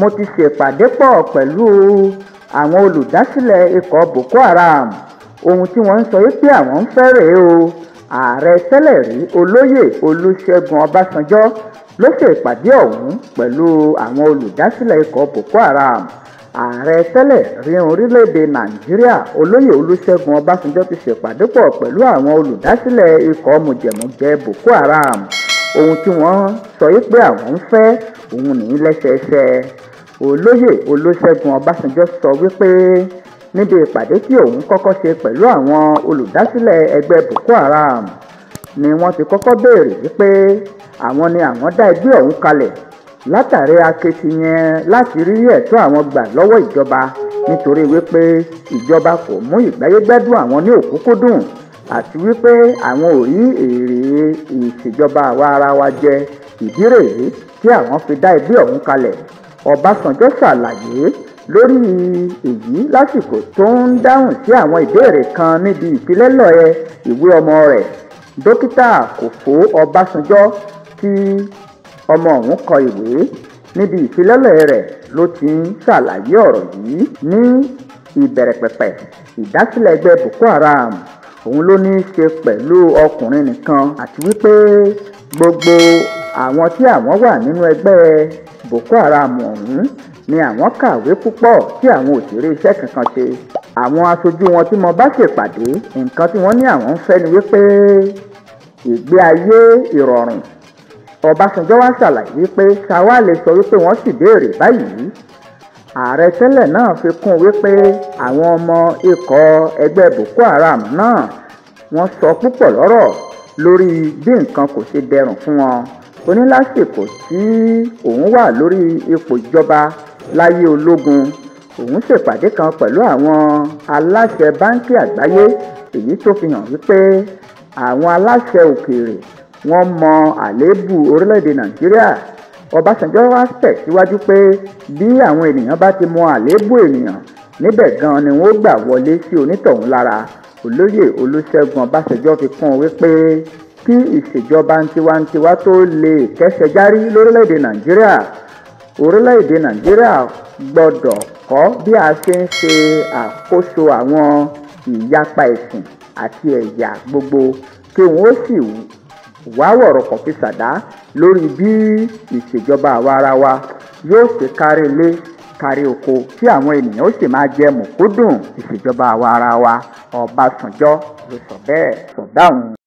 mo ti ṣèpàdé pọ̀ pẹ̀lú àwọn olùdásílẹ̀ ikọ̀ boko haram ohun tí wọ́n ń sọ wípé àwọn ń fẹ́ rèé o ààrẹ tẹ́lẹ̀ rí olóyè olúṣẹ́gun ọbásanjọ́ ló ṣèpàdé ọ̀hún pẹ̀lú àwọn olùdásílẹ̀ ikọ̀ boko haram ààrẹ tẹ́lẹ̀ rí orílẹ̀-èdè nàìjíríà olóyè olúṣẹ́gun ọbásanjọ́ ti ṣèpàdé pọ̀ pẹ̀lú àwọn olùdásílẹ̀ ikọ̀ mùjẹ̀mùjẹ boko haram ohun tí wọ́n sọ yìí pé àwọn ń fẹ́ òun nìyí lẹ́sẹẹsẹ olóyè olóṣègùn ọbásanjọ́ sọ wípé níbi ìpàdé tí òun kọ́kọ́ ṣe pẹ̀lú àwọn olùdásílẹ̀ ẹgbẹ́ boko haram ni wọ́n ti kọ́kọ́ béèrè wípé àwọn ni àwọn dá ẹgbẹ́ ọ̀hún kalẹ̀ látàrí akitiyan láti rí ẹ̀tọ́ àwọn gbà lọ́wọ́ ìjọba nítorí wípé ìjọba kò mú ìgbáyégbádùn àwọn ní òkúkúdùn àti wípé àwọn ò rí èrè ìṣèjọba àwa ara wa jẹ ìdí rèé tí àwọn fi dá ẹgbẹ́ ọ̀hún kalẹ̀ ọbásanjọ́ ṣàlàyé lórí èyí lásìkò tó ń dáhùn sí àwọn ìbéèrè kan níbi ìfilẹ́lọ̀ ìwé ọmọ rẹ̀ dókítà kòfó ọbásanjọ́ tí ọmọ ọ̀hún kọ ìwé níbi ìfilẹ́lọ̀ rẹ̀ ló ti ń ṣàlàyé ọ̀rọ̀ yìí ní ìbẹ̀rẹ̀pẹ̀pẹ̀ ìdásílẹ̀ ẹgbẹ́ boko haram òun ló ní í ṣe pẹ̀lú ọkùnrin nìkan àti wípé gbogbo àwọn tí àwọn wà nínú ẹgbẹ́ Boko Haram ọ̀hún ni àwọn kàwé púpọ̀ tí àwọn ò sì rí iṣẹ́ kankan ṣe àwọn aṣojú wọn tí mo bá ṣèpàdé nǹkan tí wọ́n ní àwọn ń fẹ́ ni wípé ìgbé ayé ìrọ̀rùn Ọbásanjọ́ wá ṣàlàyé wípé ṣáwá lè sọ wípé wọ́n sì béèrè báyìí ààrẹ tẹ́lẹ̀ náà fi kún wípé àwọn ọmọ ikọ̀ ẹgbẹ́ boko haram náà wọ́n sọ púpọ̀ lọ́rọ̀ lórí bí nǹkan kò ṣe dẹrùn fún wọn ó ní lásìkò tí òun wà lórí ipò ìjọba láyé ológun òun ṣèpàdé kan pẹ̀lú àwọn aláṣẹ báńkì àgbáyé èyí tó fi hàn wípé àwọn aláṣẹ òkèèrè wọ́n mọ àléébù orílẹ̀-èdè nàìjíríà Ọbásanjọ́ wá tẹ̀síwájú pé bí àwọn ènìyàn bá ti mọ àléébù ènìyàn níbẹ̀ gan ni wọ́n gbà wọlé sí onítọ̀hún lára olóyè Olúṣẹ́gun Ọbásanjọ́ fi kún un wípé kí ìṣèjọba tiwantiwa tó lè kẹ́sẹ̀ járí lórílẹ̀‐èdè Nàìjíríà orílẹ̀‐èdè Nàìjíríà gbọ́dọ̀ kọ́ bí a ṣe ń ṣe àkóso àwọn ìyapa ẹ̀sìn àti ẹ̀yà gbogbo kí wọ́n sì wá wọ̀rọ̀ kàn fi ṣàdá lórí bí ìṣèjọba àwa ara wa yóò ṣe kárí ilé kárí oko tí àwọn ènìyàn ó sì máa jẹ mùkúdùn ìṣèjọba àwa ara ló sọ bẹ́ẹ̀ sọ dáhùn.